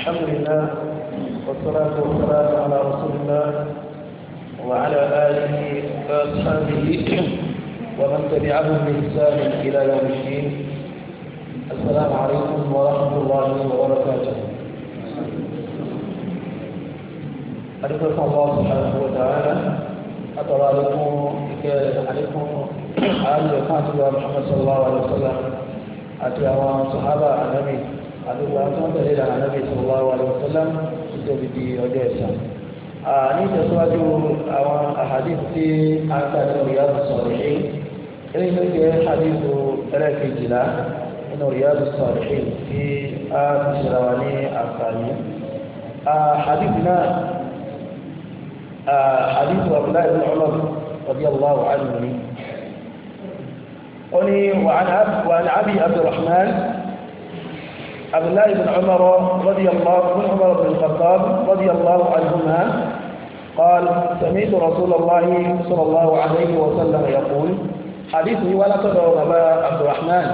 الحمد لله والصلاة والسلام على رسول الله وعلى آله وأصحابه ومن تبعهم بإحسان إلى يوم الدين السلام عليكم ورحمة الله وبركاته أدعوك الله سبحانه وتعالى أترى لكم عليكم آل وفاة محمد صلى الله عليه وسلم أتي أمام صحابة النبي àdúgbò àwọn tó ń tẹ̀lé ìlànà náà fi sọ̀rọ̀ wà lọ sọ́lá nítorí di ọjọ́ ẹ̀sán. ní ìtẹ̀síwájú àwọn àhàdìsí tí a ń ta nínú ìyá sọ̀rọ̀ yìí eléyìí ló jẹ́ àdìsí ẹlẹ́ẹ̀kejìlá nínú ìyá sọ̀rọ̀ yìí tí a ti ṣẹlá wa ní àǹfààní. àhàdìsí náà àhàdìsí Abdullahi ibn Umar radiyallahu anhu ni. ó ní wàhálà عبد الله بن عمر رضي الله بن عمر بن الخطاب رضي الله عنهما قال سمعت رسول الله صلى الله عليه وسلم يقول حديث ولا تدعو أبا عبد الرحمن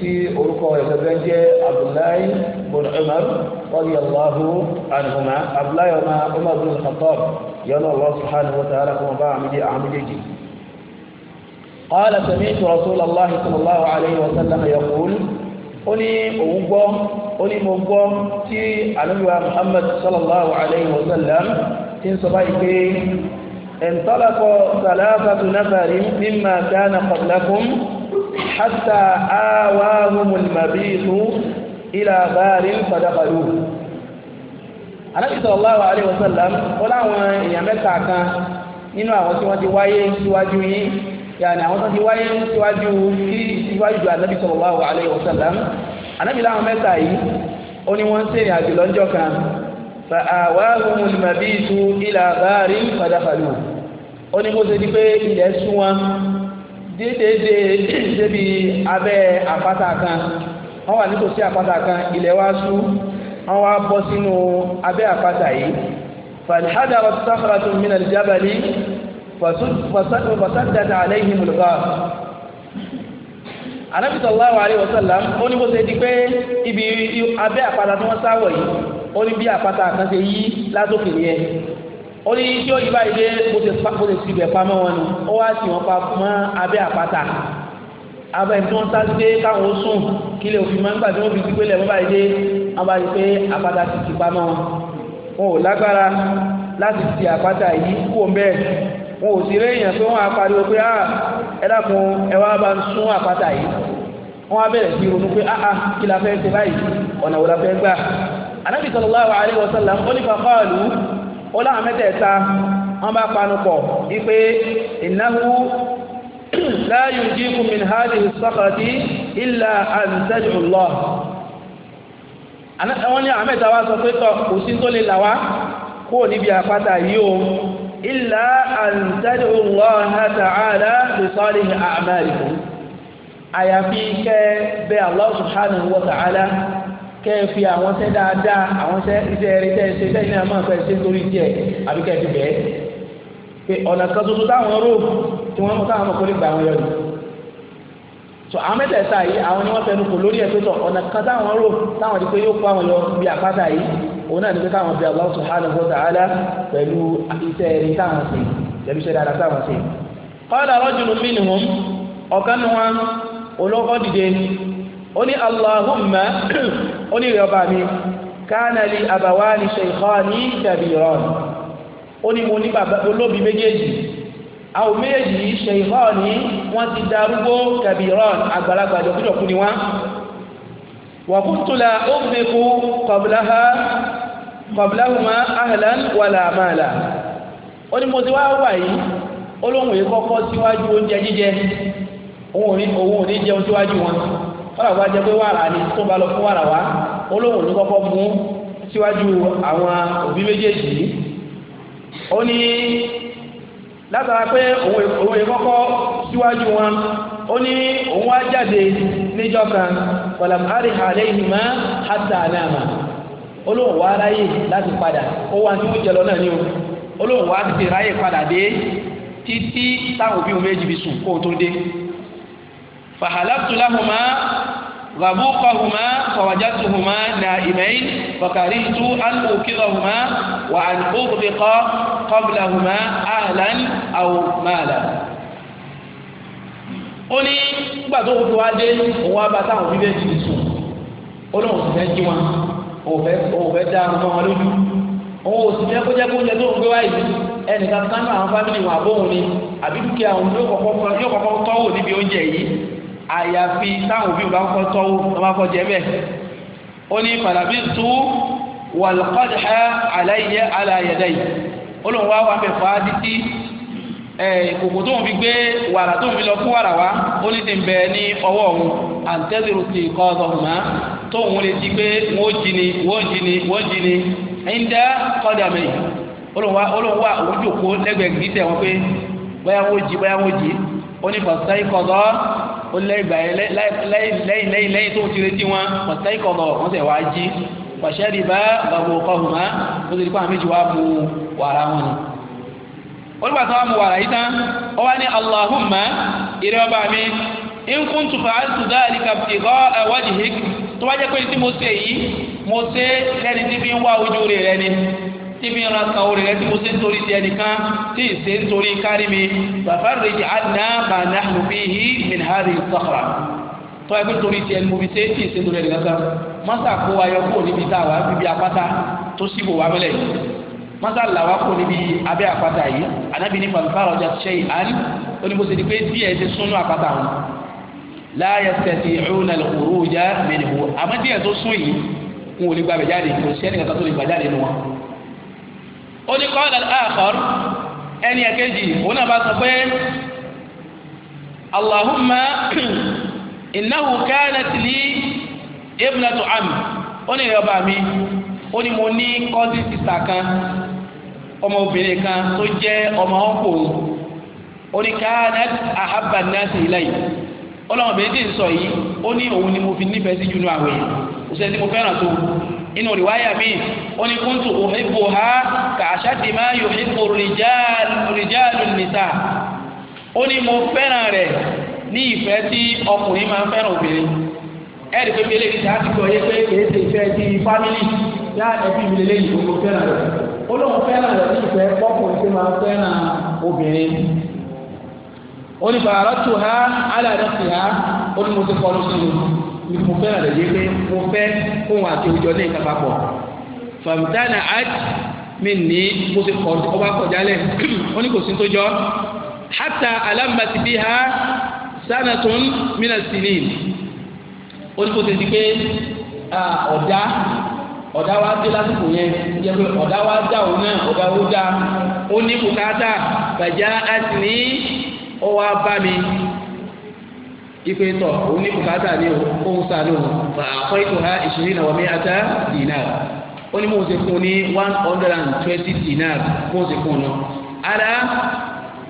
في أرقى يتزجى عبد الله بن عمر رضي الله عنهما عبد الله عمر بن الخطاب يلا الله سبحانه وتعالى كما بعمل أعمل قال سمعت رسول الله صلى الله عليه وسلم يقول ó ní òun gbọ́ ó ní mo gbọ́ tí àlùwà muhammad sallallahu alayhi wa sallam ti ń sọ báyìí pé ẹ̀ńtọ́lákọ̀ sàlásàtú nàfàrí mímà dáná kọ̀lákùn hàtà áwáhùn màbíìtù ìlà báàrin fàdàbàlù. anábì sallallahu alayhi wa yàrá àwọn tó ti wáyé síwájú kí síwájú anabi sallallahu alayhi wa sallam anabi làwọn mẹ́ta yìí ó ní wọ́n ń sèrìn àjò lọ́jọ́ kan fa àwáhùn olùmọ̀bíìtú ilà báàrí padàfàlù ó ní kó ṣe di pé ilẹ̀ sún wọn dédédé débi abẹ́ àpáta kan wọ́n wà nítòsí àpáta kan ilẹ̀ wá sú wọ́n wá bọ́ sínú abẹ́ àpáta yìí fàlhádà ọ̀sáfàràtún mìíràn jábàlì fasadada alayhi mulga anabi sallallahu alayhi wa sallam ó ní bó ṣe di pé ibi abẹ́ àpáta tí wọ́n sáwọ̀ yìí ó ní bí àpáta kan ṣe yí látòkè yẹn ó ní tí ó yí báyìí dé bó ṣe síbẹ̀ pamọ́ wọn ni ó wá sí wọn pa mọ́ abẹ́ àpáta abẹ́ tí wọ́n sá sí káwọn ó sùn kí lè òfin máa ń gbà tí wọ́n fi gbígbé lẹ̀ báyìí dé wọ́n bá rí pé àpáta ti ti pamọ́ wọn ò lágbára láti ti àpáta yìí kú òun bẹ́ẹ̀ wọn ò sì réèyàn pé wọ́n á pariwo pé ah ẹ dákun ẹ wá bá ń sún àpáta yìí wọ́n á bẹ̀rẹ̀ sí ronú pé ah ah kí la fẹ́ ṣe báyìí ọ̀nà wo la fẹ́ gbà anabi sallallahu alayhi wa sallam ó ní fàkọ́ọ̀lù ó láwọn mẹ́tẹ̀ẹ̀ta wọ́n bá panu pọ̀ wípé innahu la yunjikum min hadhihi as-sakhrati illa an tad'u wọ́n ní àwọn wá sọ pé kò sí tó lè là wá kúrò níbi àpáta yìí o illa an tad'u Allaha ta'ala bi salih a'malikum àyàfi kẹ́ bẹ̀ Allah subhanahu wa ta'ala kẹ́ fi àwọn ṣẹ́ dáadáa àwọn ṣẹ́ iṣẹ́ rẹ̀ tẹ́ ṣe tẹ́ ní àmọ́ àfẹ́ ṣe torí díẹ̀ so àwọn mẹ́tẹ̀ẹ̀ta yìí àwọn ni wọ́n fẹnu kò lórí ẹ̀ pé tọ̀ ọ̀nà kan táwọn rò táwọn ti yóò kó àwọn yọ bí àpáta yìí òun náà ní pé káwọn bí Allah subhanahu wa ta'ala pẹ̀lú iṣẹ́ ẹni táwọn ṣe pẹ̀lú iṣẹ́ dáadáa táwọn ṣe. qala rajulun minhum ọ̀kan nu wọn olóko dìde ó ní Allahumma ó ní ìrẹ̀ ọba mi kana li abawani shaykhani kabiran ó ní mo ní bàbá olóbi méjèèjì àwọn méjèèjì shaykhani wọ́n ti darúgbó kabiran àgbàlagbà jọkújọkú ni wọ́n. وكنت لا أغرق قبلها قبلهما أهلا ولا مالا ó ní mo ti wá wà yìí ó lóun yìí kọ́kọ́ síwájú oúnjẹ jíjẹ òun ò ní òun ò ní jẹun síwájú wọn wàrà wá pé wàrà ni tó bá lọ fún wàrà wá ó ní kọ́kọ́ mú síwájú àwọn òbí méjèèjì ó ní látara pé òun yìí kọ́kọ́ síwájú wọn ó ní òun wá jáde níjọ́ kan pọ̀làm àríhà lẹ́yìn mọ́ hàtà àlàmà olóhùn wá ráyè láti padà ó wá tí wọ́n jẹ lọ náà ní o olóhùn wá ti ráyè padà dé títí táwọn òbí òun méjì sùn kó tó dé fàhálàtúláhùnmá غبوقهما فوجدتهما نائمين فكرهت أن أوقظهما وأن أغبق قبلهما أهلا أو مالا ó ní nígbà tó fi wá dé òun wá bá táwọn bíbẹ́ ti sùn ó lóun sì fẹ́ jí wọn òun fẹ́ dá ọmọ wọn lójú òun ò sì fẹ́ kó jẹ́ kó jẹ́ tó ń gbé wáyé ẹnìkan kánú àwọn fámìlì wọn àbóhùn ni àbí dúkìá òun yóò kọ́kọ́ tọ́wò níbi oúnjẹ yìí àyàfi táwọn òbí bá kọ́ tọ́wò wọn bá kọ́ jẹ bẹ́ẹ̀ ó ní fàlàbí tú wàlùkọ́dà àlàyé àlàyé dẹ́yì ó Eh, kòkò tó ń fi gbé wàrà tó ń fi lọ fún wàrà wa ó ní ti ń bẹ ní ọwọ́ òun àǹtẹ́sìrò ti kọ́ ọ̀dọ̀ ọ̀mà tó òun lè ti pé wọ́n jí ni wọ́n jí ni wọ́n jí ni ẹ̀yin dá kọ́dà mi olùwà olùwà òun jòkó lẹ́gbẹ̀ẹ́ gbígbẹ́ wọn pé bóyá wọ́n jí bóyá wọ́n jí ó ní fọ̀sáì kọ́dọ̀ ó lẹ́yìn lẹ́yìn lẹ́yìn lẹ́yìn tó ti retí wọn fọ̀sáì kọ́dọ̀ wọ́n sì wá jí pàṣẹ olùgbàtà wa mu wàrà yìí tán ó wá ní Allahumma ìrẹ́ ọba mi in kuntu fa'altu dhalika ibtigha'a wajhik tó wá jẹ́ pé tí mo ṣe yìí mo ṣe lẹ́ni tí fi ń wá ojú rẹ̀ rẹ̀ ni tí mi ra kan orí rẹ̀ tí mo ṣe ń torí ti ẹnìkan tí ì ṣe ń torí kárí mi bàbá rẹ̀ jẹ́ àdínà ma nahnu fihi min hadhihi as-sakhra tó wá pé torí ti ẹni mo fi ṣe tí ì ṣe torí ẹnìkan mọ́tà làwa kò níbi abẹ́ àpáta yìí anábì ní pàlùfáà ọjà ṣe ìhání ó ní bó ṣe di pé díẹ̀ ti súnú àpáta wọn láàyè tẹ̀sí ìhùnà lòkùrú ìjà mẹ́lìkù àmọ́ díẹ̀ tó sún yìí ń wò ní gbàgbẹ́ jáde kò sí ẹnìkan tó lè gbà jáde nù wọn. ó ní kọ́ ọ̀dà àkọ́r ẹni ẹ̀kejì òun náà bá sọ pé allahumma innahu kanat li ibnatu am ó ní ìyọba mi ó ní mo ní kọ́sí ọmọbìnrin kan tó jẹ́ ọmọ ọkọ oníkàánà àhábà náà sì láyìí ọlọ́mọbìnrin tí ń sọ yìí ó ní òun ni mo fi nífẹ̀ẹ́ sí jùlọ àwẹ̀ òṣèlú tí mo fẹ́ràn tó inú rìwáyà mi ó ní kúntù òhìbò ha kà àṣàtì máa yò hìbò rìjáàlù nìta ó ní mo fẹ́ràn rẹ̀ ní ìfẹ́ tí ọkùnrin máa ń fẹ́ràn obìnrin ẹ̀rí pé mi eléyìí ti á ti pé kèé ṣe ìfẹ́ ti fámìlì yá ẹbí mi lélẹ́yìn mo fẹ́ràn rẹ̀ olóhùn fẹ́ràn rẹ̀ ní ìfẹ́ pọ́pọ̀ ìfẹ́ máa fẹ́ràn obìnrin onífàárọ̀ tù ha alàdé tì ha ó ní mo ti kọ́ lóṣù mi mo fẹ́ràn rẹ̀ yéé pé mo fẹ́ fóun àti òjò ní ìka papọ̀ fàmìtánà àj mi ní mo ti kọ́ ọba kọjá lẹ̀ ó ní kò sí tó jọ hátà alámbàtì bí ha sánàtún mí ó ní kò tètè pé ọ̀dá ọ̀dà wa dé lásìkò yẹn jẹ́ pé ọ̀dà wa dá òun náà ọ̀dà wo dá ó ní bùkátà bàjá àti ní ó wá bá mi ipe tọ̀ òun ní bùkátà ní òun sàánù fà àkọ́ ètò ha ìṣirí náà wà mí ata dinar ó ní mò ń ṣe fún ní one hundred and twenty dinar mò ń ṣe fún un náà ara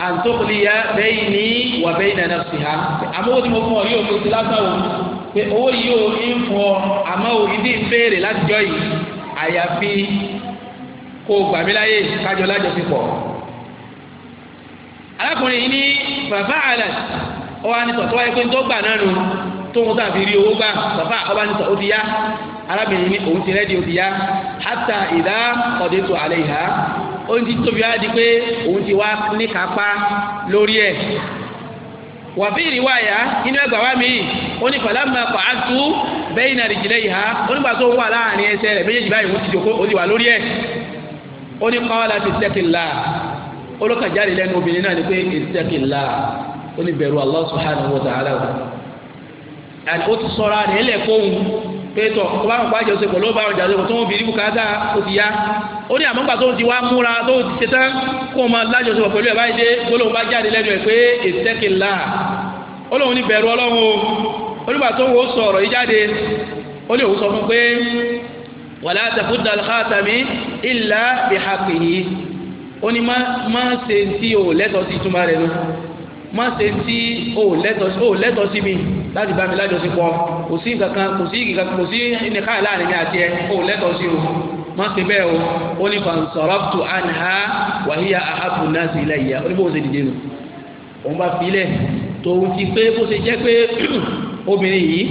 àǹtókòlìyà bẹ́ẹ̀ ni wà bẹ́ẹ̀ nà nà fi ha àmọ́ ó ti fún ọ yóò fi ti lágbàwọ̀ pé owó yìí ò ń fún ọ àmọ́ ò ìdí ń béèrè látijọ́ yìí àyàfi kó o gbà mí láyè kájọ lájọsípọ̀. arákùnrin yìí ní bàbá àlà ó wá ní tọ̀tọ̀ wáyé pé tó gbà náà nù tóun tà fi rí owó gbà bàbá ọba ní ó ti yá arábìnrin ní òun ti rẹ́ẹ̀dì ó ti yá hátà ìdá ọ̀dẹ́tò àlẹ́ ìhá ó ti tóbi wá di pé òun ti wá níkápá lórí ẹ̀ wàbí ìrìwáyà inú ẹgbàá wa mi ó ní falamma qa'adtu bayna rijlayha ó nígbà tó wà láàrin ẹsẹ̀ rẹ̀ méjèèjì báyìí wọ́n ti jòkó ó ti wà lórí ẹ̀ ó ní qalat ittaqillah olókàjáde lẹ́nu obìnrin náà ni pé ittaqillah ó ní bẹ̀rù Allah subhanahu wa ta'ala àti ó ti sọ̀rọ̀ rẹ̀ lẹ̀ fóun pé tọ̀ tó bá wọn pa àjọṣepọ̀ ló jàdó ó ní àmọ́gbà tó ti wá múra tó ti ṣe tán kó o máa lájọ sọ̀rọ̀ pẹ̀lú ẹ̀ báyìí dé gbólóhùn bá jáde lẹ́nu ẹ̀ pé ìtẹ́kìlá ó lóun ní bẹ̀rù ọlọ́run o onígbà tó wò ó sọ ọ̀rọ̀ yìí jáde ó lè wò sọ fún pé wàlá àtàkùdà àlùkàtàmí ìlà ìhàkì yìí ó ní má ṣe tí o lẹ́tọ̀ọ́ sí túmọ̀ rẹ̀ lọ má ṣe tí o lẹ́tọ̀ọ́ sí mi láti bá mi lájọsí pọ̀ kò sí nǹkan kò sí nǹkan kò sí nìkan láàrin mi àti ẹ o lẹ́tọ̀ọ́ sí o má ṣe bẹ́ẹ̀ o ó ní fansaraftu anha wa hiya ahabbu an-nasi ilayya ó ní bó ṣe dìde nù òun bá filẹ̀ tòun ti pé bó ṣe jẹ́ pé obìnrin yìí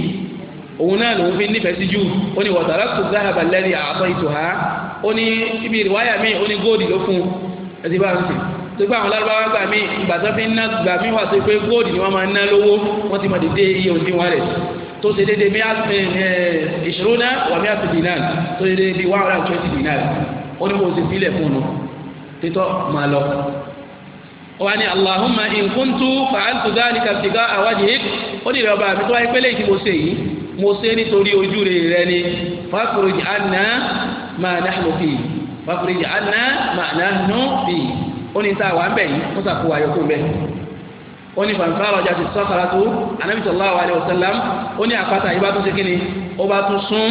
òun náà lòun fi nífẹ̀ẹ́ sí jù ó ní wọ̀tàrà tó záhàbà lẹ́ni àtọ́ ìtòhá ó ní ibi ìwáyà míì ó ní góòdì ló fún un ẹtì bá ń sè tó gbé àwọn lárúbáwá gbà míì ìgbà tó fi ń ná gbà míì wà sí pé góòdì ni wọ́n máa ń ná lówó wọ́n ti máa dìde iye òǹdí rẹ̀ tó ṣe déédéé mi ìṣòro náà wà mí àti dinar tó ṣe déédéé bí one hundred and twenty dinar ó ní mo ṣe fílẹ̀ fún un títọ́ máa lọ. wà ní Allahumma in kuntu fa'altu dhalika ibtigha'a wajhik ó ní ìrọ̀bà mi tó wáyé pélé ìdí mo ṣe yìí mo ṣe nítorí ojú rẹ̀ rẹ̀ ni fàkùrùjì àná máa nahnu fi fàkùrùjì àná máa nahnu fi ó ní ta wà ń bẹ̀ yìí mo sàkó ayọ̀kú bẹ́ẹ̀ ó ní fanfàrọ̀ jáde sọ́kàrà tó anabi sallallahu alayhi wa sallam ó ní àpáta ìbá tó ṣe kíni ó bá tún sún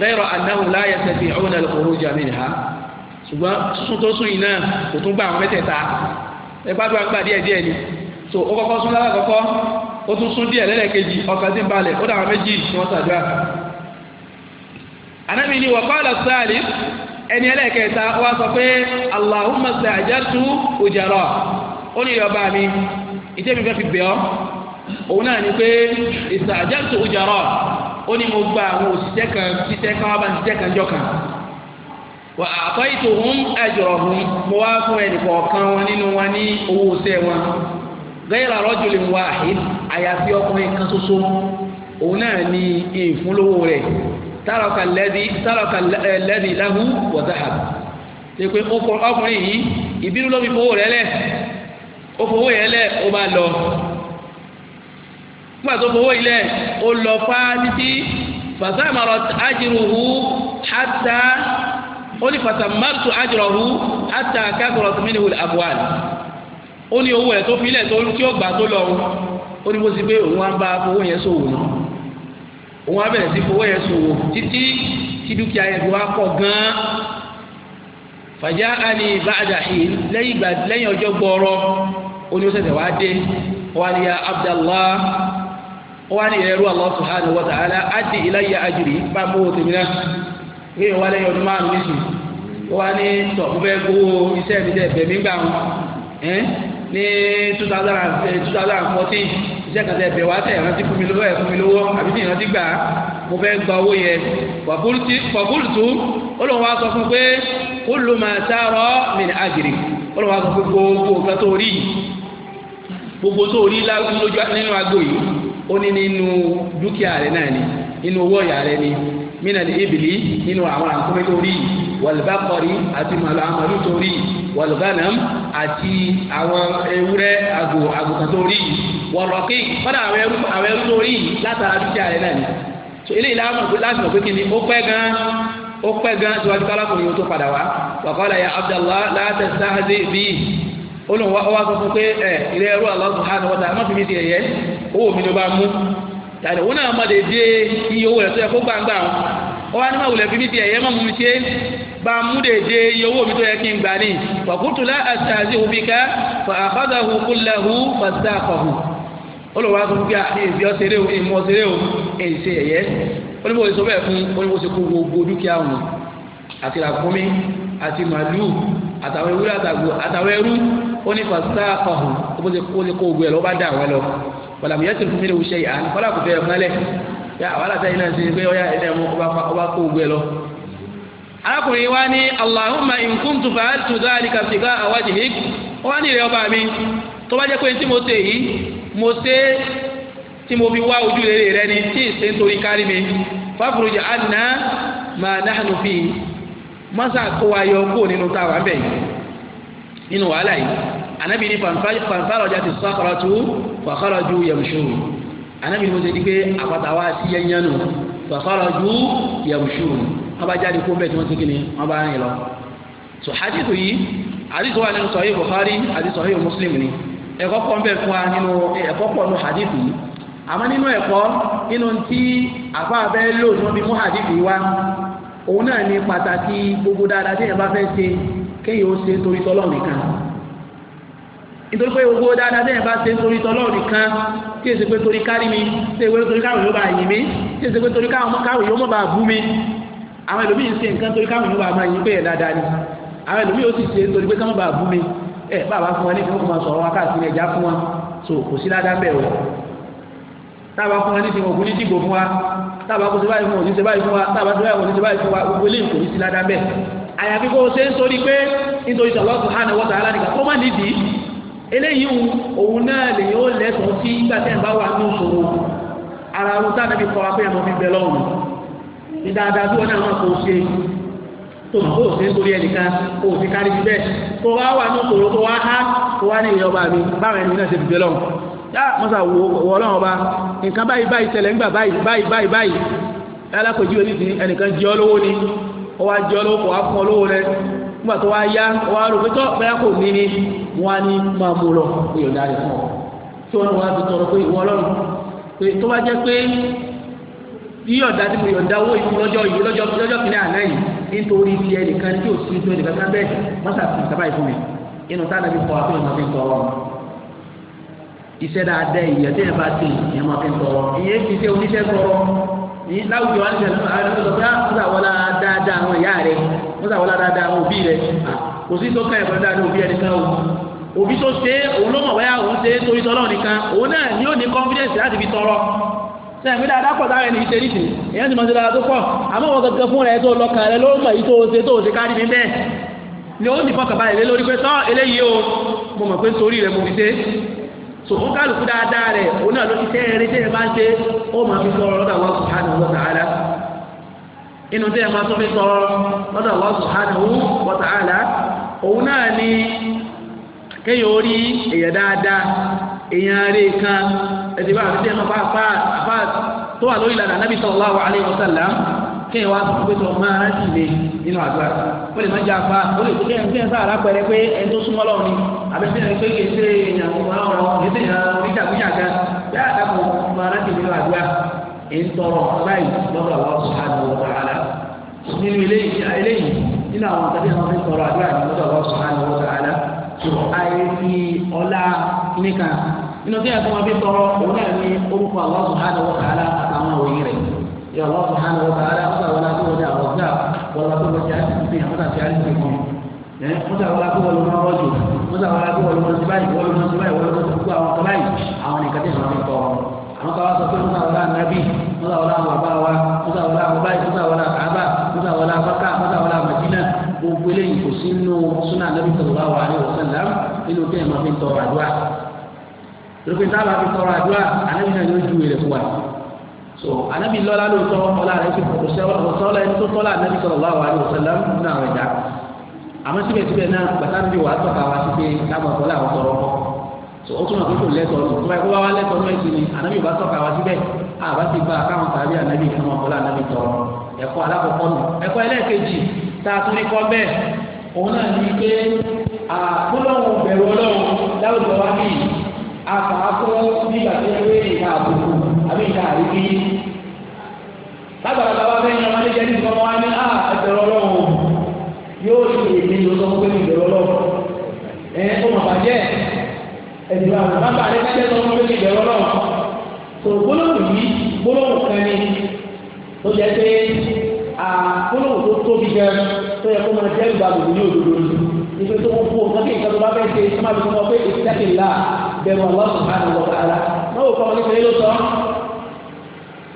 lẹ́rọ anáhùn láyé sẹ́fì ọ̀hún ẹ̀lẹ́ kòrò jà mí nìha ṣùgbọ́n sún tó sún yìí náà kò tún gbà àwọn mẹ́tẹ̀ẹ̀ta ẹ bá gbà díẹ̀ díẹ̀ ni so ó kọ́kọ́ sún lára kọ́kọ́ ó tún sún díẹ̀ lẹ́lẹ́kejì ọkàn ó ìtẹ́mi fẹ́ fi bẹ̀ ọ́ òun náà ni pé ìsàjẹ́sọ òjàrọ̀ ó ní mo gba àwọn òṣìṣẹ́ kan ṣiṣẹ́ kan wá bá ń ṣiṣẹ́ kan jọ kan wà àtọ́ ètò òun ẹ̀jọ̀rọ̀ òun mo wá fún ẹnì kọ̀ọ̀kan wọn nínú wọn ní owó iṣẹ́ wọn gẹ́gẹ́ àrọ́jò lè wá àyàfi ọkùnrin kan ṣoṣo òun náà ni ìfúnlówó rẹ̀ tàràkà lẹ́dí láhù wọ̀dáhà ṣe pé ọkùnrin yìí ìbínú ló fi fowó rẹ̀ lẹ̀ ó fowó yẹn lẹ̀ ó bá lọ nígbà tó fowó yìí lẹ̀ ó lọ fá títí fàtàmàrọ̀ ajruhu hatta ó ní fàtàmàrọ̀ ajruhu hatta kákọ̀rọ̀ tìmínú àbúwàn ó ní owó ẹ̀ tó fi lẹ̀ tó tí ó gbà tó lọ ó ní bó ti gbé òun á bá fowó yẹn sòwò náà òun á bẹ̀rẹ̀ sí fowó yẹn sòwò títí tí dúkìá yẹn wá pọ̀ gan fàjá àní ba'da hin lẹ́yìn ọjọ́ gbọ́ọ́rọ́ ó ní ó ṣẹ̀ṣẹ̀ wá dé wá ní ya abdallah wá ní ẹrú allah subhanahu wa ta'ala adi ilayya ajiri bá mú òtò mi náà ní ìwà lẹ́yìn ọdún márùn nísìn wá ní tọ mo fẹ́ gbowó iṣẹ́ mi dẹ bẹmí gbà wọn ẹ ní two thousand and eh, two thousand and fourteen iṣẹ́ kan tẹ bẹ wá tẹ ìrántí fún mi lọ́wọ́ ẹ fún mi lọ́wọ́ àbí tí ìrántí gbà mo fẹ́ gba owó yẹn fàbúrútù olùwà sọ fún pé kúlùmọ̀ sáárọ̀ mi ní àjèrè olùwà sọ fún gbogbo nǹkan tó rí yìí gbogbo tó rí nínú agbo yìí ó ní nínú dúkìá rẹ náà ni nínú owó ìyá rẹ ni mínà ní ibìlí nínú àwọn àkómi tó rí wàlúbàkọrí àti màlúù àmàlú tó rí wàlúbànàm àti àwọn ewúrẹ́ àgò àgùntàn tó rí wọ̀rọ̀kì kọ́dà àwọn ẹrú tó rí látara dúkìá rẹ náà ni so eléyìí láti mọ̀ pé kí ó pẹ́ gan ó pẹ́ gan síwájú kálákùnrin tó padà wá wàkọ́lá ya Abdallah látẹ̀ sáhádé bíi olùwà ọwọ́ sọ fún pé eh, ẹ ilé ẹrú Allah subhanahu wa ta'ala má fi mi ti ẹ̀yẹ owó mi ló bá mú tàbí òun náà má dédé iye owó rẹ̀ tó yẹ kó gbàǹgbà wọn ọwọ́ ni má wulẹ̀ fi mi ti ẹ̀yẹ má mú mi ṣe bá mú dédé iye owó mi tó yẹ kí n gbà ní lá àtàzí òbí ká fà àkọ́dàhù kúlẹ̀hù fàṣàkọ̀hù olùwà sọ fún pé ìbí ah, ọ̀sẹ̀rẹ̀ o ìmọ̀ ọ̀sẹ̀rẹ̀ o èsì ẹ̀yẹ onímọ̀ òsì sọ bẹ́ẹ̀ fún onímọ̀ òsì kó àtàwọn ewúrẹ́ àtàwọn ẹrú onífà sáàkọ̀hù ó ti kó ní kó ogun ẹ̀ ló bá dà wọ́n lọ wàlàmù yẹn ti fún mi ní oṣù yìí kọ́lá kò fẹ́ mọ́lẹ̀ yà wàhálà sẹ́yìn náà ti gbé ọ̀yà ẹ̀dẹ̀ mú ọba kó ogun ẹ̀ lọ. arákùnrin wa ní Allahumma in kuntu fa'altu dhalika ibtigha'a wajhik ó ní ìrẹ́ ọba mi tó bá jẹ́ pé tí mo tè yìí mo tẹ́ tí mo fi wá ojú rere rẹ ni tí ìṣe ń torí kárí mi fáfurujì àná màá náà nù fi mọ́sà kó wa yọ kó nínú táwa bẹ́ẹ̀ nínú wàhálà yìí anabi ní fanfàlọ́ ọjà ti sọ àkọlọ́ tó fàkọlọ́ ju yẹmusu anabi ní mo ti di pé àpáta wa sí yẹnyẹnu fàkọlọ́ ju yẹmusu wọn bá jáde kó bẹ́ẹ̀ tí wọ́n ti kíni wọ́n bá rìn lọ. so hadithu yìí hadithu wa nínú sọ̀hí Bukhari àti sọ̀hí Muslim ni ẹ̀kọ́ pọ̀ bẹ́ẹ̀ fún wa nínú ẹ̀kọ́ pọ̀ nínú hadithu yìí àmọ́ nínú ẹ̀kọ́ nínú tí àfa abẹ́ lò ní wọ́n fi mú hadithu yìí wá òun náà ní pàtàkì gbogbo dáadáa tí yẹn bá fẹ́ ṣe kéèyàn ó ṣe torí tọ́lọ́ nìkan nítorí pé gbogbo dáadáa bẹ́ẹ̀ bá ṣe torí tọ́lọ́ nìkan tí èsì pé torí kárí mi tí èsì pé torí káwọn yóò bá yìn mí tí èsì pé torí káwọn yóò mọ̀ bá bú mi àwọn ẹlòmíì ń ṣe nǹkan torí káwọn yóò bá máa yìn pé ẹ̀ dáadáa ni àwọn ẹlòmíì ó sì ṣe torí pé káwọn bá bú mi ẹ bàbá fún wa ní ìfowópamọ́ máa sọ̀rọ̀ káàkiri ẹ̀já fún wa so kò sí dáadáa bẹ́ẹ̀ o tábà fún wa ní ìfowópamọ́ òkú ní dìbò fún wa tábà kó ṣe báyìí fún wa òní ṣe báyìí fún wa tábà ṣe báyìí fún wa báyìí fún wa gbogbo eléyìí kò ní sí dáadáa bẹ́ẹ̀ àyàfi kó o ṣe ń sori pé nítorí Allah subhanahu wa ta'ala nìkan kó má nídìí eléyìí òun náà lèyìn ó lẹ́sọ̀ọ́ sí nígbà tẹ́ ẹ̀ bá wà ní òṣòro ara ohun tá a nàbí kọ́ apẹ́ ẹ̀mọ́ bíbẹ̀ lọ́rùn ní dáadáa tí wọ́n náà máa kó o ṣe tó mọ̀ kó o ṣe ń sori ẹnìkan kó o ti kárí bí bẹ́ẹ̀ kó o wá wà ní òṣòro kó o wá há kó o wá ní ìyọba mi báwọn ẹni náà ṣe bíbẹ̀ lọ́rùn yá mọ́sá wọ ọlọ́run ọba nǹkan báyìí báyìí tẹ̀lẹ̀ ńgbà báyìí báyìí báyìí báyìí ó wá jẹ́ olówó kò wá fún olówó rẹ nígbà tó wá yá ó wá rò pé tó bẹ́ẹ̀ kò ní ní wọ́n á ní máa mú lọ pé yọ̀ǹda rẹ̀ fún ọ tí wọ́n wá ti tọrọ pé ìwọ ọlọ́run pé tó bá jẹ́ pé yíyọ̀ǹda tí mo yọ̀ǹda owó yìí lọ́jọ́ yìí lọ́jọ́ lọ́jọ́ kìnìún àná yìí nítorí ti ẹnìkan tí ò sí tó ẹnìkan kan bẹ́ẹ̀ mọ́sà fi ìtàbá ìfún mi inú tá a nàbí kọ́ àfihàn máa fi ń tọ́ ọ iṣẹ́ dáadáa ìyẹn bá ti ìyẹn máa fi ń tọ́ ọ ìyẹn fi ṣe oníṣẹ́ tọ́ ní láwùjọ wa ń tẹ̀lé àwọn ọmọ ìgbà mọ́tà wọlá dáadáa àwọn ìyá rẹ mọ́tà wọlá dáadáa àwọn òbí rẹ ah, kò sí tó kẹ́yìn pẹ̀lú dáadáa òbí ẹni kan o òbí tó ṣe òun ló mọ̀ wáyà òun ṣe torí tọ́lọ́ nìkan òun náà ni ó ní confidence láti fi tọrọ sẹ́yìn pé dáadáa pọ̀ sára ẹni yìí ṣeré ṣe èèyàn ti mọ̀ sí dáadáa tó pọ̀ àmọ́ wọn gẹ́gẹ́ fún rẹ̀ tó lọ́kàn rẹ̀ ló mọ̀ yìí tó ṣe tó ṣe kárí mi bẹ́ẹ̀ ni ó ní fọkànbalẹ̀ lé lórí pé tọ́ eléyìí o mo mọ̀ pé torí rẹ̀ mo fi ṣe sòfún kálukú dáadáa rẹ̀ òun náà ló ti tẹ́ ẹrẹ́ tẹ́ ẹ bá ń ṣe ó máa fi tọrọ lọ́dọ̀ Allah subhanahu wa ta'ala inú tẹ́ ẹ máa tó fi tọrọ lọ́dọ̀ Allah subhanahu wa ta'ala òun náà ni kéèyàn orí èèyàn dáadáa èèyàn rè kan ẹ̀dínwó àti tẹ́ máa bá apá tó wà lórí ìlànà Nabi sallallahu alaihi wasallam kéèyàn wá sọ pé tó máa rántí mi nínú àdúrà ó lè má jẹ àfa ó lè kéèyàn kéèyàn sáà lápẹẹrẹ pé ẹni tó súnmọ́ lọ́wọ́ ni àbí sí ẹni pé kì í ṣe èèyàn ọ̀rọ̀ ọ̀rọ̀ kì ṣe èèyàn oníjàkújà gan yá máa rántí nínú àdúrà èyí tọrọ báyìí lọ́dọ̀ àwọn subhanahu wa ta'ala nínú eléyìí nínú àwọn tàbí àwọn fi tọrọ àdúrà lọ́dọ̀ àwọn subhanahu wa ta'ala tó ayé fi ọlá nìkan nínú tí a tó máa fi tọrọ subhanahu wa ta'ala àtàwọn òyìn يا الله سبحانه وتعالى خذ ولا قوة إلا بالله ولا قوة جعلت فيها خذ جعلت فيكم خذ ولا قوة إلا الرجل خذ ولا قوة إلا الزبائن ولا الزبائن ولا الزبائن ولا الزبائن àwọn nǹkan tẹ̀sán ní kọ́ àwọn kan wá sọ pé musa wàlá nàbí musa wàlá bàbá wa musa wàlá ọbaì musa wàlá kàbà musa wàlá bàkà musa wàlá màdínà gbogbo eléyìí kò sí nínú súnà nàbí sọlá wà ní wàsán làm nínú kéèyàn máa fi tọrọ àdúrà lópin táwọn máa fi tọrọ àdúrà àlẹ́ yìí náà yóò ju èrè fún wa so anabi lọ́la lóòótọ́ ọlá rẹ̀ ti kò sẹ́wọ́n ọ̀sán ọlá ẹni tó tọ́lá anabi sallallahu alaihi wasallam nínú àwọn ẹ̀dá àmọ́ síbẹ̀síbẹ̀ náà bàtà níbi wàá tọ́ka wá sí pé táwọn àwọn tọrọ so ó túnmọ̀ pé kò lẹ́tọ̀ọ́ lò tó bá yẹ kó bá wá lẹ́tọ̀ọ́ náà sí ni anabi bá tọ́ka wá síbẹ̀ àbá ti gba káwọn tàbí anabi káwọn ọ̀kọ́lá anabi tọrọ ẹ̀kọ́ alákọ̀ọ́kọ́ nù ẹ̀kọ́ ẹlẹ́ẹ̀kejì tá a tún ní kọ́ bẹ́ẹ̀ òun náà ní pé àgbọ̀lọ́wọ̀ bẹ̀rù ọlọ́run àbí ìta àríkí yìí lágbàdo bàbá bẹ́ẹ̀ ni ọmọdé jẹ́ nípa wọn ní à ẹgbẹ̀rún ọlọ́run yóò ṣe èmi yóò sọ pé ìgbẹ̀rún ọlọ́run ẹ ó mọ̀ bàjẹ́ ẹ̀dùn àwọn bàbá rẹ̀ jẹ́ sọ pé ìgbẹ̀rún ọlọ́run tó gbólóhùn yìí gbólóhùn kan ni tó jẹ́ pé à gbólóhùn tó tóbi jẹ tó yẹ kó máa jẹ́ ìgbà gbogbo ní òdodo ìgbé tó wọ́n fún ọ kákẹ́ ìgbà tó bá fẹ́ ṣe má lè fún ọ pé ìtẹ́kìlá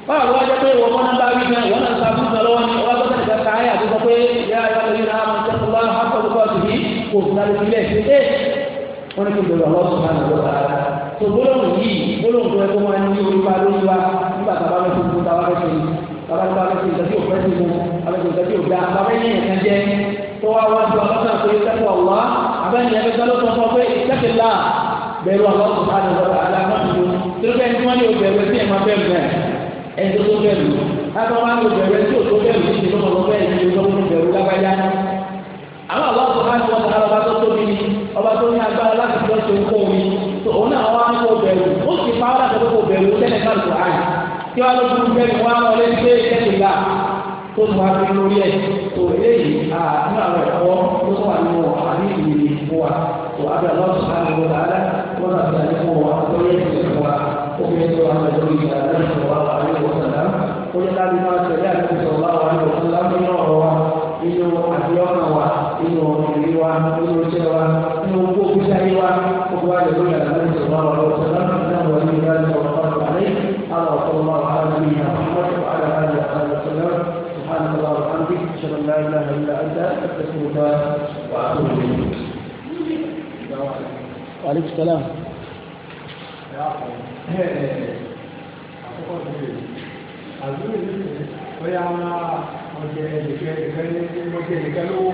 báwo ló wá jẹ́ pé ìwọ mọ́nà bá wí náà ìwọ náà sábà ń sọ lọ́wọ́ ní ọwọ́ gbọ́dọ̀ nígbà tá àyà tó sọ pé ìyá ìyá lórí náà máa ń tẹ́ fún báwọn akọ̀tù bá ti yìí kò fún alẹ́ sílẹ̀ ṣe é wọ́n ní kí n bẹ̀rẹ̀ ọlọ́sùn náà lọ́wọ́ ara tó gbólóhùn yìí gbólóhùn tó yẹ kó máa ní orí wa lórí wa nígbà tábà lọ́sùn tó tábà lọ́sùn tábà lọ́sùn tábà lọ́sùn ìtàkì òfẹ́ sí mu alẹ́sùn ìtàkì òdà bàbá yẹn nìkan jẹ́ tó wá wá ju ọlọ́sàn pé ìtàkì ọ̀wá abẹ́ni ẹgbẹ́ gbọ́dọ̀ sọ pé ìtàkì là bẹ̀rù ọlọ́sùn náà lọ́wọ́ ara náà tó tó bẹ́ẹ̀ ni wọ́n ní ẹni tó bẹ̀rù látọ̀ máa lò bẹ̀rù ẹni tó bẹ̀rù ní ìdílé ọmọ bẹ́ẹ̀ ní ìdílé ọmọ bẹ̀rù lágbájá. àwọn àwọn ọkọ̀ máa ń wọ́n sọ́kà ọba tó tóbi ni ọba tó ní agbára láti lọ sí nǹkan omi tó òun náà wá ń kó bẹ̀rù ó sì pa ọ́ láti kó bẹ̀rù tẹ́lẹ̀ ká lù áyì kí wọ́n lójú bẹ́ẹ̀ wọ́n á wọlé gbé kẹ́kẹ́lá tó tún wá fi lórí ẹ̀ tó eléyìí àánú àwọn ẹ̀kọ́ tó wà nínú àní ìlú wa tó abẹ́ lọ́sùn kọ́nà àti àlékún wa tó yẹ kí ìlú wa ó fi ẹjọ́ wa pẹ̀lú ìyá lẹ́sìn wa wà ní ìwọ̀sánlá ó yẹ láti máa tẹ̀lé àtúntò wa wà ní ìwọ̀sánlá nínú ọ̀rọ̀ wa nínú àdéhùn wa nínú ìrírí wa nínú iṣẹ́ wa nínú owó òkúta yìí wa ó fi wá lè lórí àtúntò wa wà ní ìwọ̀sánlá náà wà ní ìdájọ́ ọ̀rọ̀ عليه قال وصلى الله على نبينا محمد وعلى اله وصحبه وسلم سبحانك اللهم وبحمدك اشهد ان لا اله الا انت استغفرك واتوب اليك وعليكم السلام àkọ́kọ́ tó lè àdúrà yìí ṣe bóyá ọjọ́ ẹ̀dẹ̀kẹ́ ẹ̀dẹ̀kẹ́ ní ọjọ́ ẹ̀dẹ̀kẹ́ lówó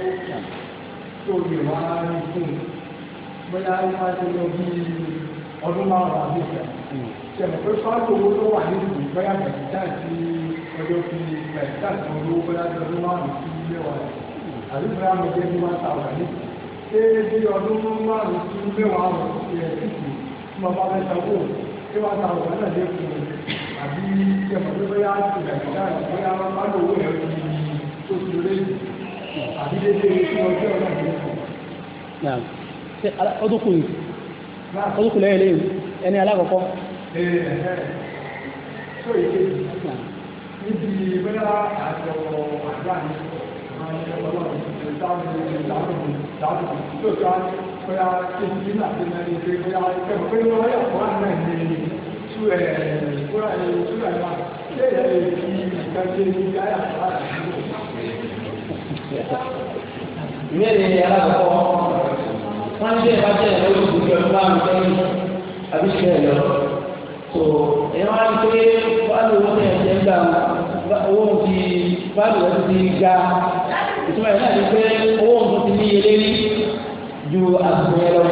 tó lè wá ní fún un bóyá wá ṣe lọ bí ọdún márùn-ún àbí ìgbà ṣẹlẹ̀ pé fáwọn owó tó wà nínú ìgbáyà sí mẹ́wàá àbí bóyá mo jẹ́ bí wọ́n ta wà ní ṣé tí wọ́n ta ọ̀gá náà lé fún un àbí tí ẹ̀fọ́ tó bóyá ìgbà ìgbà ìgbà bá lò owó ẹ̀rọ ní tó ti lé àbí dédé tí wọ́n jẹ́ ọ̀gá ìgbà náà. ṣe ọdúnkùn ọdúnkùn lẹ́yìn lẹ́yìn ẹni alákọ̀ọ́kọ́. tó ìké níbi bẹ́ẹ̀ àjọ àgbà ní ọlọ́run ìdáhùn ìdáhùn ìdájọ́ tí ó ká bóyá kéjì náà ti mẹ́rin pé bóyá kẹ́kọ̀ọ́ pé wọ́n yà fún àná ìdílé tú ẹ̀ kúrò ẹ̀ tú ẹ̀ máa ṣé ẹ̀ lè fi nǹkan ṣe ní káyà fún àná ìdílé. ìbéèrè alákọ̀ọ́ wọ́n ṣe ìbájẹ́ lórí ìdíjọ́ bá mi sẹ́yìn àbí ṣe ẹ̀ lọ. tó ẹ̀yàn wá ń pé báàlù owó tẹ̀ ẹ̀ gbà owó ti báàlù ẹ̀ ti ga ìtumọ̀ ẹ̀ náà ni pé owó ń níyelé rí ju àsìkò yẹn lọ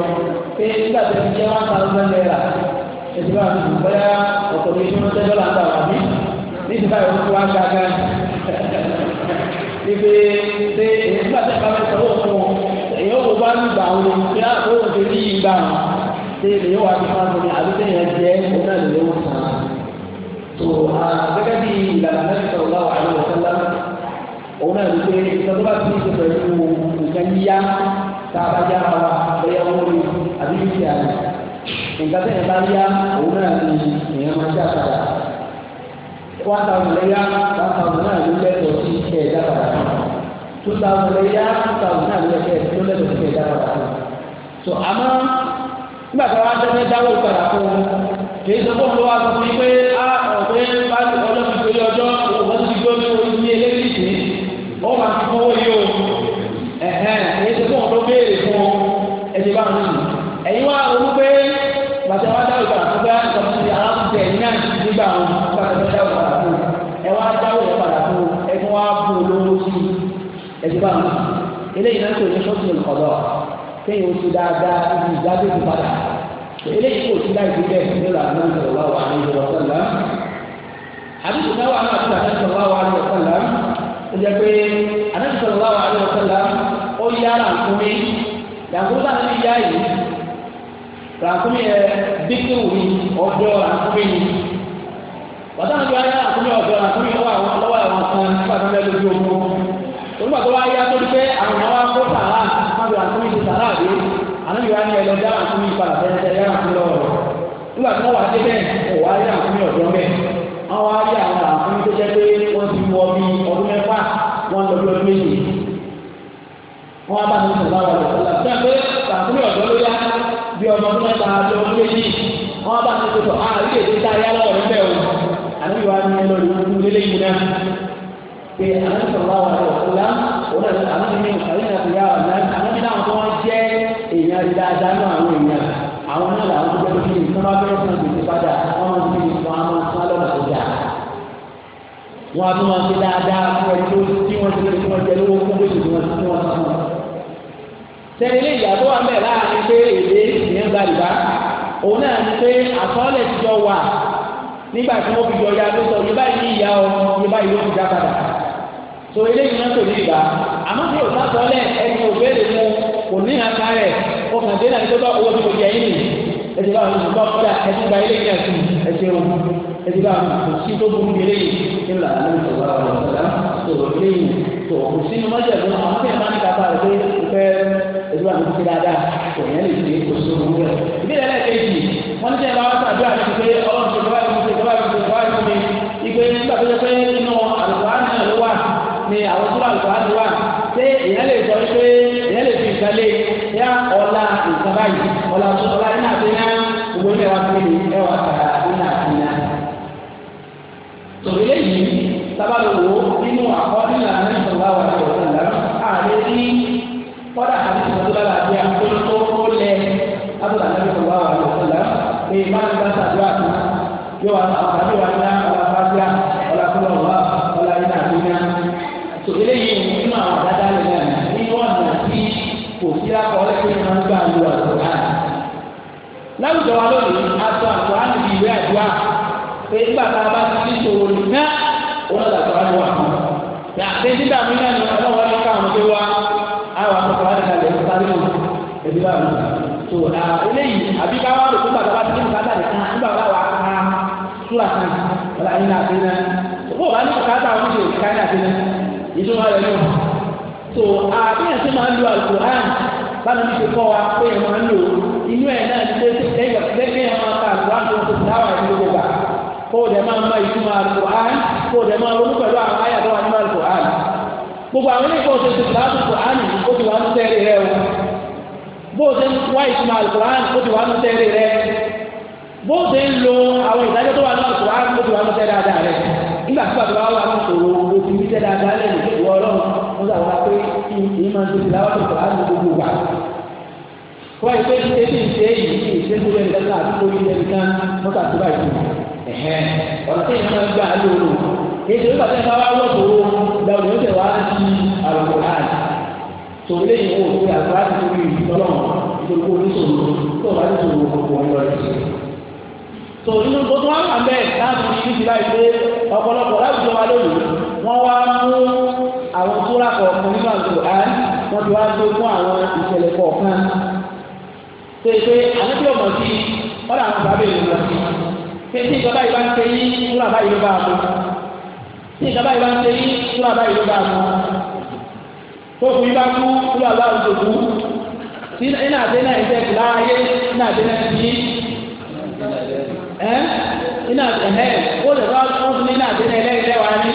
pé nígbà tó ti jẹ́ one thousand naira ẹ̀sìn bá mi bóyá ọ̀pọ̀ mi tún tẹ́ dọ́là ta wà mí ní ti báyìí wọ́n ti wá gàgà ibi ṣe nígbà tó ìpamẹ́ sọ̀rọ̀ fún wọn èyí ó wá nígbà wọn pé ah, ó ń ṣe ní ìgbà wọn ṣe èyí wà ní fáwọn mi àbí sẹ́yìn ẹ̀jẹ̀ òun náà lè lówó sàn án. tó ah, gẹ́gẹ́ bí ìlànà òun náà ní pé ìtọ́jú bá ti ṣe pẹ̀lú nǹkan yíyá tá a bá yá ara wa bẹ́yà owó ni àbí yíyí àná nǹkan tẹ̀yìn bá yá òun náà ní èèyàn máa ṣe àpàdà one thousand lẹ́yà one thousand náà ló lẹ́tọ̀ọ́ sí ẹ̀ dábàdà two thousand lẹ́yà two thousand náà ló lẹ́tọ̀ọ́ sí ẹ̀ dábàdà so àmọ́ nígbà tí wọ́n á tẹ́lẹ̀ dáwọ́ ìpadà fún un kì í sọ fún ah, un lọ́wọ́ gbà wọn pàtàkì dáwọ padà fún ẹ wá dáwọ yẹn padà fún ẹ fún wa fún olówó sí i ẹ ti bá wọn eléyìí náà tó ní sọ́ọ̀tún ọ̀dọ́ kéèyàn oṣù dáadáa ibi ìgbàgbé ti padà eléyìí kò sí láì fi bẹ́ẹ̀ ní ọ̀là náà sọ̀rọ̀ wá wà ní ìjọba sọ̀lá àdúgbò náà wà náà tó àná sọ̀rọ̀ wá wà ní ìjọba sọ̀lá ó jẹ́ pé àná sọ̀rọ̀ wá wà ní ìjọba sọ̀lá ó yá ràǹkúmí ràǹkúmí náà ti yá yìí ràǹkúmí yẹ bíkúrú ni ọ̀dọ́ ràǹkúmí ni wàtàwọn ti wá yá àkúnyẹ ọ̀dọ́ àkúnyẹ wà wọn lọ́wọ́ àwọn kan nígbà tó ń bẹ lójú omi onígbà tó wá yá torí pé àwọn àwọn akó sàrà kábi àkúnyẹ ti sàrà àbí àná yóò wá ní ẹlẹ́dá àkúnyẹ ìpadà fẹ́ẹ́ yá àkúnyẹ lọ́wọ́ nígbà tó wà débẹ̀ wọ́n wá yá àkúnyẹ ọ̀dọ́ mẹ́ wọ́n wá yá àwọn àkúnyẹ tó jẹ́ pé wọ́n ti wọ bí ọdún mẹ́fà wọ́n lọ bí ọdún méjì wọ́n bá ní sọ̀rọ̀ àwọn ọ̀dọ́ sọ̀rọ̀ pé àkúnyẹ ọ̀dọ́ ló yá bí ọmọ ọdún mẹ́ta bí ọdún méjì wọ́n bá ní sọ̀rọ̀ àríyé ah, tó dá yá lọ́wọ́ níbẹ̀ o àbí wàá ní lọ ìlú ìlú lélẹ́ yìí náà pé àwọn sọ̀rọ̀ àwọn ọ̀rọ̀ ọ̀la òun náà àwọn ní ìkàlẹ́ náà ti yá wà náà àwọn làwọn tó jẹ́ pé kí ni sọ́nà fún gbèsè padà wọ́n fi wọn á máa sọ́nà lọ́nà tó tún máa fi dáadáa fún ẹni tó tí wọ́n ti fi wọ́n jẹ lówó fún gbèsè tí wọ́n ti fi wọ́n sọ́nà. sẹ́ni ìyàtọ̀ wà mẹ́ẹ̀ láàrin pé èdè ìyẹn gbàdúrà òun náà ni pé àkọọ́lẹ̀ ti jọ wà nígbà tí wọ́n fi yọ ya ló sọ yìí báyìí ní ìyá ọmọ yìí báyìí ló fi dá padà so eléyìí náà tò ní ìgbà àmọ́ tí òun sọ lẹ̀ ẹni òbéèrè mu kò ní àká rẹ̀ ọkàn dé náà ní tó bá owó tó jẹ yín nì ẹtì bá wọn bá kúta ẹtì gba eléyìí náà sí ẹtì o ẹtì bá wọn kò sí tó burú eléyìí ńlá ló ń sọ̀rọ̀ àwọn ọ̀sán tó eléyìí tó kò sí ní mọ́jà tó àwọn tí ẹ̀ máa ń kápá rẹ̀ pé ìfẹ́ ẹtì bá wọn ti dáadáa kò yẹn lè ṣe kò sí òun rẹ̀ ìbílẹ̀ lẹ́ẹ̀kejì wọ́n ti ẹ̀ máa wá sàdúrà ní pé ọ báyìí ọ̀la ọ̀la ní àfihàn owó ní ẹwà kiri ẹwà kàrà ní àfihàn. tòwílẹ̀ yìí sábàlówó nínú àkọ́ọ́dún ìlànà ìṣòwò àwọn àti ọ̀sán ìlànà àárẹ̀ ní kọ́dà àti ìṣòwò lára àti àkóso tó lẹ̀ lábùdà àti ìṣòwò àwọn àti ọ̀sán ìlànà èyí má ti dáta àdúrà tó yóò wá àwọn àdúrà ní ní àfihàn. tòwílẹ̀ láwùjọ wa lónìí aṣọ àkùránì bíi ìwé àdúrà pé nígbà tá a bá ti ní ìṣòro nìyá òun lọ́dà àkùránì wà fún un. yàtí títà mi náà ni ọlọ́wọ́ wọn ní káwọn ṣe wá àwọn àkùránì kalẹ̀ sáré wò ẹbí bá mi. tó a eléyìí àbí káwọn àlòkù bàtà bá ti ní bùkátà rẹ̀ kan nígbà wà wà á súrà kan ọ̀là yín náà àbínà. òkú wa ní bùkátà wọn ṣe òkú káyìn àbínà ìdúró rẹ̀ lọ. tó àbíyàn ti máa ń lo inú ẹ̀ náà ti dé lẹ́yìn àwọn àkàtúwà tó ń tẹ̀sí láwọn ẹ̀mí gbogbo gbà kó o dẹ̀ máa ma ìtumọ̀ àlùkò án kó o dẹ̀ máa ronú pẹ̀lú àwọn àyà tó wà nínú àlùkò án gbogbo àwọn ilé ìkọ́ òṣèṣe àlùkò án yìí ó ti wà ní tẹ́lẹ̀ rẹ o bó o ṣe ń wá ìtumọ̀ àlùkò án ó ti wà ní tẹ́lẹ̀ rẹ bó o ṣe ń lo àwọn ìdájọ́ tó wà ní àlùkò án ó ti wà ní tẹ́lẹ̀ dáadáa rẹ nígbà tí bàbá wa ń sọ̀rọ̀ o ti ní tẹ́lẹ̀ dáadáa lẹ́nu ìwọ ọlọ́run mo sàrọ̀ wọ́n ìpè tí etí ìṣe yìí ní ìṣe tó lẹ́nu dáná àdúgbò yìí lẹ́nu kan wọ́n kà tó báyìí ẹ̀hẹ́ ọ̀nà tí ìyẹn máa ń gbà á lóru ètò ìgbà tí ìyẹn bá wọ́ tòwó ìdáwó yóò tẹ̀ wá sí àlùkò hàn tòun lè yẹ̀wò òkú àgbà àti òkú ìtọ́lọ̀ ìtòkò oníṣòwò tó bá níṣòwò òkú ọ̀yọ́ rẹ̀ tò nínú gbogbo wọn kà mẹ́ láti fi ibi ìgbà ìgbé ọ̀pọ̀lọpọ̀ láwùjọ wa lónìí wọ́n wá mú àwọn tó rà kọ̀ọ̀kan nínú àlùkò hàn wọ́n ti wá gbé fún àwọn ìṣẹ̀lẹ̀ kọ̀ọ̀kan ṣe pé àlejò ọmọ sí ọ̀dà àwọn bàbá èlò lọ sí pé tí ìjọba yìí bá ń ṣe yí wúrà báyìí ló bá a mọ tí ìjọba yìí bá ń ṣe yí wúrà báyìí ló bá a mọ yìí bá kú wúrà bá a lò kú tí iná àti iná ìṣe ìlà ayé iná àti iná iná àti ó lè wọn fún iná àti iná wá ní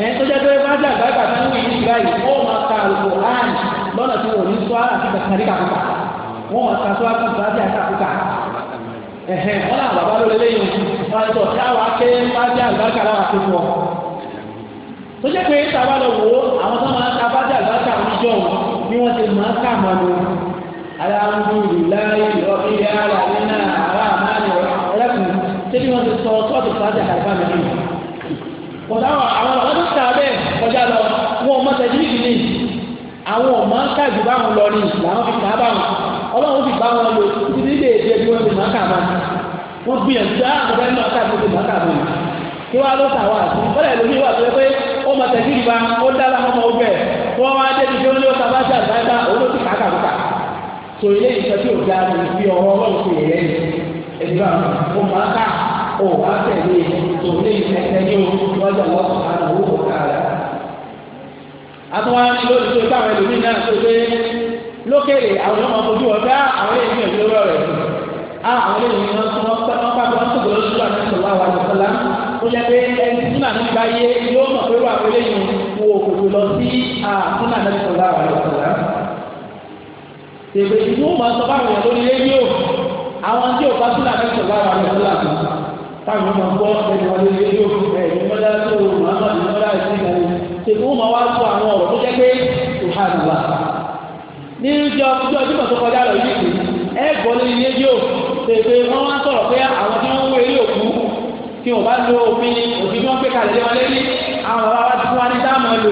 ẹ tó jẹ́ pé bá dàgbà bàbá ní ìlú ìgbà yìí ó máa ka àlùkò àn lọ́nà tí wọ́n ní sọ àti kàkàrí kàkùkà wọ́n máa ka sọ àti kàkàrí kàkùkà ẹ̀hẹ̀ wọ́n náà bàbá ló lélẹ́yìn wọ́n sọ kí àwọn aké bá dé àgbàkà lára tó fọ́ tó jẹ́ pé tàbá lọ wò ó àwọn tó máa ta bá ni wọ́n ti máa kọjá lọ wọn ọmọ tẹ̀lé ìdílé àwọn ọmọ káàdì báwọn lọ ní làwọn fi kàá báwọn ọlọ́run fi bá wọn lò títí nílé èdè bí wọ́n ti máa kà máa wọ́n gbìyànjú àwọn ọmọ náà káàdì tó máa kà máa kí wọ́n á lọ sàwọn àti bọ́lá ìlú mi wà tó yẹ pé ọmọ tẹ̀lé ìdílé ó dára ọmọ ọgbẹ́ wọ́n wá débi tó ń lé ọ̀sán bá ṣe àgbáyé so ilé ìṣe tí o da ní fi ọ̀rọ̀ ọlọ́run fi yẹ ní ẹgbẹ́ àwọn ọmọ aká ò bá tẹ̀lé tó ilé ìṣe ẹgbẹ́ ní o lọ́jọ́ lọ́sàn-án àwọn òkú kára àtúwọ́n ní lórí tó ká àwọn ẹlòmíì náà tó dé lókèrè àwọn ọmọ ojú ọ̀dá àwọn èèyàn ìgbìyànjú lórí ọ̀rẹ́ àwọn èèyàn wọn tún wọn pẹ́ wọn pàtó wọn tó gbọ́dọ̀ sí àwọn ẹ̀sọ́ àwọn àjọsọ́lá ó yẹ pé ẹni tí màá nípa yé yóò mọ̀ pé wà wọlé yìí wo òkòtò lọ sí àtúnà ẹ̀sọ́lá àwọn àjọsọ́lá. tèbè ìlú mọ̀ sọ bá wọn lórí rédíò àwọn tí ò bá túnà ẹ̀sọ́lá àwọn àjọsọ́lá táwọn ọmọ gbọ́ ẹni wọn lórí rédíò ẹ̀ àbúrò ní ìjọ ìjọ ìjọba tó kọjá lọ yìí ẹ gbọ́ lórí rédíò pèpè wọ́n wá sọ̀rọ̀ pé àwọn tí wọ́n ń wé ilé òkú tí wọ́n bá lo òfin òfin tí wọ́n gbé kalẹ̀ lé wọn lé ní àwọn bàbá wa ti fún wa ní dáàmú lò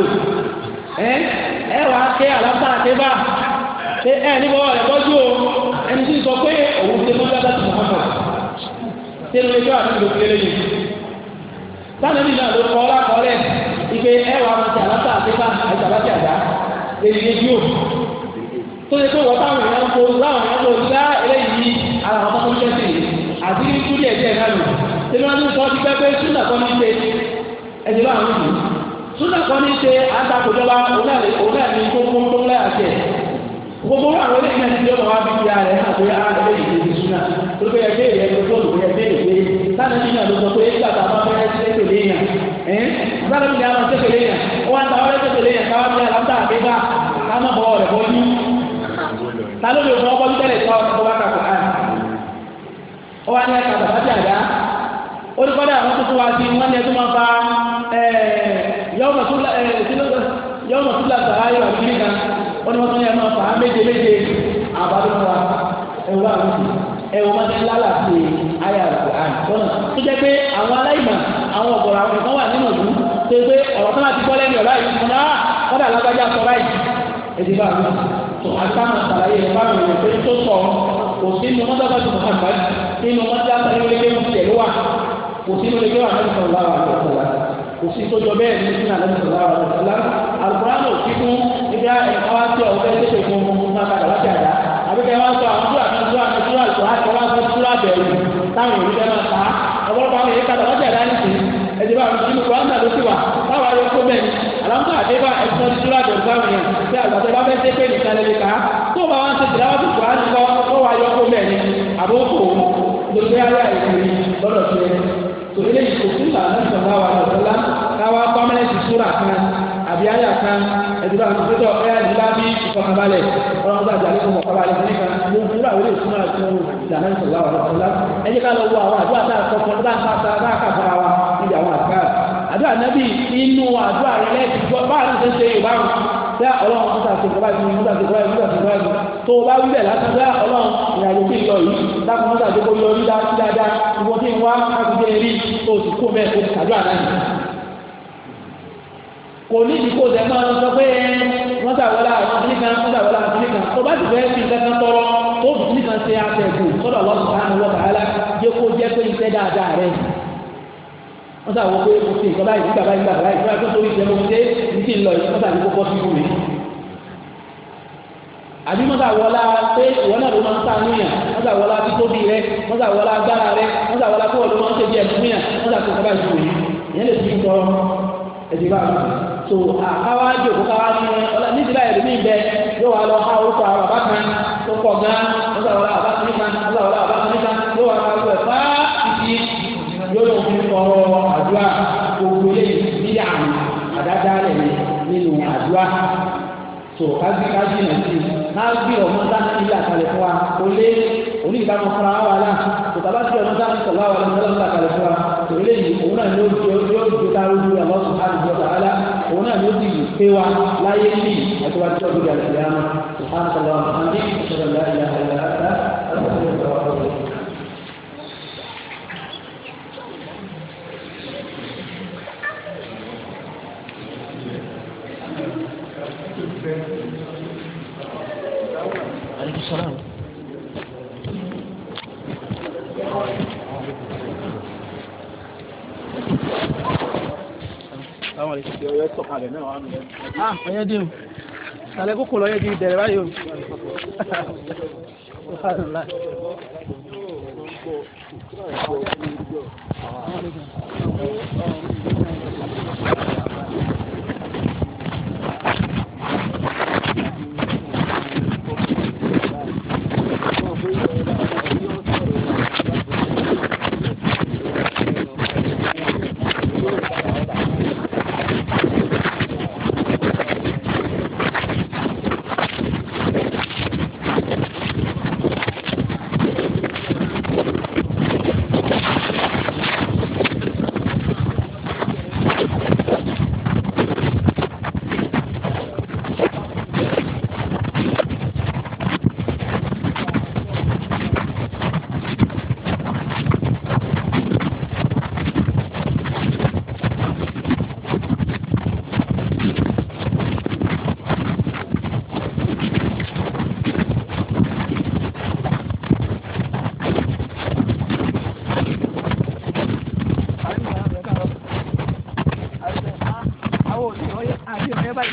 ẹ ẹ wàá ké àlọ́sà àtẹ́bà ṣé ẹ níbo ọ̀rẹ́ bọ́jú o ẹni tí ń sọ pé òun ti mú dáadáa tó mọ̀ ṣé ló lè jọ àti ìlú kéré yìí sáà níbi náà ló kọ́ ọ́ lákọ́ọ́lẹ̀ ìpè ẹ wàá ti àlọ́sà àti àlọ́sà àdá lèmi rédíò tó ṣe pé wọ́n táwọn ya ya bo láwọn èèyàn ń bo eléyìí ara tó ń tẹ̀sí àti ní túlẹ̀ ẹ̀jẹ̀ náà lò tẹ̀lé wọn ní sọ ti pẹ́ pé súnà kan ní ṣe ẹ̀jẹ̀ bá súnà ní ṣe tó ń tẹ̀ gbogbo àwọn eléyìí náà ti ya eléyìí ti súnà tó ìbára mi ni a máa tẹ́tẹ̀ lẹ́yìn ó wá ń ta ọ́ tẹ́tẹ̀ lẹ́yìn káwá bí aláǹtà àbíbá ká má bọ̀ ọ̀rẹ́ bọ́ ní. ta ló lè fọwọ́ bọ́lú tẹ́lẹ̀ tọ́ ọ wá kàkọ́ ká. ó wá ní ẹ̀ka bàbá tí a dá ó ní kọ́dà àwọn tuntun wa sí wọ́n ní ẹtú máa fa yọ́ọ̀mọ̀ tó lásàrá yọ̀ ọ̀gbìn kan ó ní wọ́n tún yẹ máa fà méje méje àbádọ́ ẹ̀wọ́ àwọn tuntun ẹ̀wọ̀n máa ń lálà sí ayé àlùkò àn tọ́nà tó jẹ́ pé àwọn aláìmọ̀ àwọn ọ̀gọ̀rọ̀ àwọn nǹkan wà nínú ìlú tó jẹ́ pé ọ̀rọ̀ kan láti gbọ́ lẹ́nu ọ̀rá yìí fún náà kọ́dà lágbájá sọ báyìí ẹ̀dí bá mi tó àtàwọn àtàlàyé ẹ̀ bá mi rò pé tó sọ kò sínú mọ́tàbá tó kàn bá nínú mọ́tàbá tó lé kò sí lórí gbé àlọ́ ìsọ̀rọ̀ lára àti ọ̀sọ̀rọ̀ kò sí tó jọ bẹ́ẹ̀ ní sínú àlọ́ ìsọ̀rọ̀ lára àti ọ̀sọ̀rọ̀ alukóran ò fi fún ibi ẹ̀ka wá sí ọ̀gbẹ́ bẹ̀rù táwọn òbí máa ta ọ̀pọ̀lọpọ̀ àwọn èyí padà wájà láti sè ẹ̀dí bá wọn nínú kọ́ńtà ló ti wà táwọn ayé kó bẹ́ẹ̀ ni àlàmúkà àdébà ẹ̀sán ti dúró àbẹ̀rù báwọn yẹn tí àgbàtẹ́ bá fẹ́ dé pé nìkan lè ká tó bá wọn ti tìlá wọn ti kọ́ á ti kọ́ ó wá yọ kó bẹ́ẹ̀ ni àbókò lóṣù ayé àìsí lọ́dọ̀ tó yẹ tò eléyìí kò fún ìlànà ìsọ̀rọ̀ àwọn àlọ́ ẹ̀dùbà àtúntò ẹ̀yà ìdílá bí ìfọ̀kànbalẹ̀ ọlọ́run bá jàlé fún ọ̀kọ̀balẹ̀ fún nìkan ló ń fún àwọn ilé ìsúná àti ohun ìdáná ìṣòwò àwọn ọ̀la ẹ jẹ́ ká lọ wo àwọn àdúrà tá a sọ fún ọdún bá ká fara wa níbi àwọn àdúrà àdúrà nábì inú àdúrà rẹ lẹ́sìn gbọ́ bá àdúrà ṣe ìbáwọn bẹ́ẹ̀ ọlọ́run mú ta ṣèkọ́ báyìí mú ta ṣèkọ́ báyìí mú ta ṣèkọ́ báyìí tó o bá wí bẹ́ẹ̀ lásán bẹ́ẹ̀ ọlọ́run ìrìnàjò bí lọ yìí dákun mú ta ṣèkọ́ yọrí dáadáa ìwọ́n tí ń wá láti dé rí tó o sì kú mẹ́ẹ̀ o sì ṣàdúrà náà kò ní ìdíkò tẹ máa sọ pé wọ́n sàwọ́lá àwọn kìnìkan wọ́n sàwọ́lá àwọn kìnìkan tó bá sì fẹ́ fi kankan tọrọ tó fi kìnìkan ṣe àtẹ̀kù kọ́dọ̀ wọ́n sọ àwọn ọ̀gá ala jẹ́ kó jẹ́ pé iṣẹ́ dáadáa rẹ̀ wọ́n sàwọ́ pé mo ti ìjọba yìí bàbá yìí bàbá yìí tó torí ìṣẹ́ lóun dé ní ti lọ yìí wọ́n sàwọ́ kó bọ́sí fún mi. àbí wọ́n sàwọ́lá pé ìwọ náà ló máa ń sàánú yàn wọ́n sàwọ́lá So, àwa jòkó káwa ní ọlá nídìí báyìí lómi bẹ yóò wá lọ ha orúkọ àwọn bàbá kan tó pọ̀ gan ọlọ́wọ́ la bàbá kan kan ọlọ́wọ́ la bàbá kan kan yóò wá lọ wẹ̀ fá títí yóò lọ fi kọ́rọ́ àdúrà gbogbo lè ní àmì àdáda rẹ̀ nínú àdúrà tó kájí kájí nà sí kájí ọmọ sáà ilé àkàlẹ̀ fún wa olé onígbàmọ̀ fúnra wa là tó tàbá sí ọmọ sáà sọ̀lá wa lọ́wọ́ àkàlẹ̀ tó léyìí òun náà ló jọ yóò jọ káwé ju ẹ̀ lọ́sùn á lùjọ tààlà òun náà ló sì pé wa láyé ní ẹ̀tọ́ wa tí ọdún yàrá ìyá náà sùhán sọlá ọ̀hánì ìṣẹ̀lẹ̀ láyé ìyá ìyá ìyá Thank you. rẹ̀ náà wà nù. ọyẹ dín o alẹ́ kókò lọ́yẹ di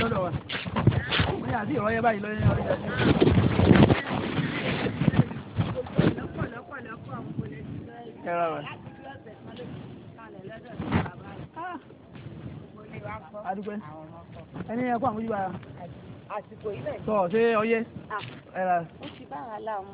lọ́dọ̀ wa ní àti ìrọ́yẹ́ báyìí lọ́yẹ́ ní ọjà ní. adúpẹ́ ẹni ẹ kó àwọn ojú wa. àsìkò yìí bẹ́ẹ̀. sọ ṣé ọyẹ. Ah. ó ti bá wa la ọmọ.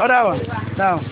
Olha lá, ó. Não.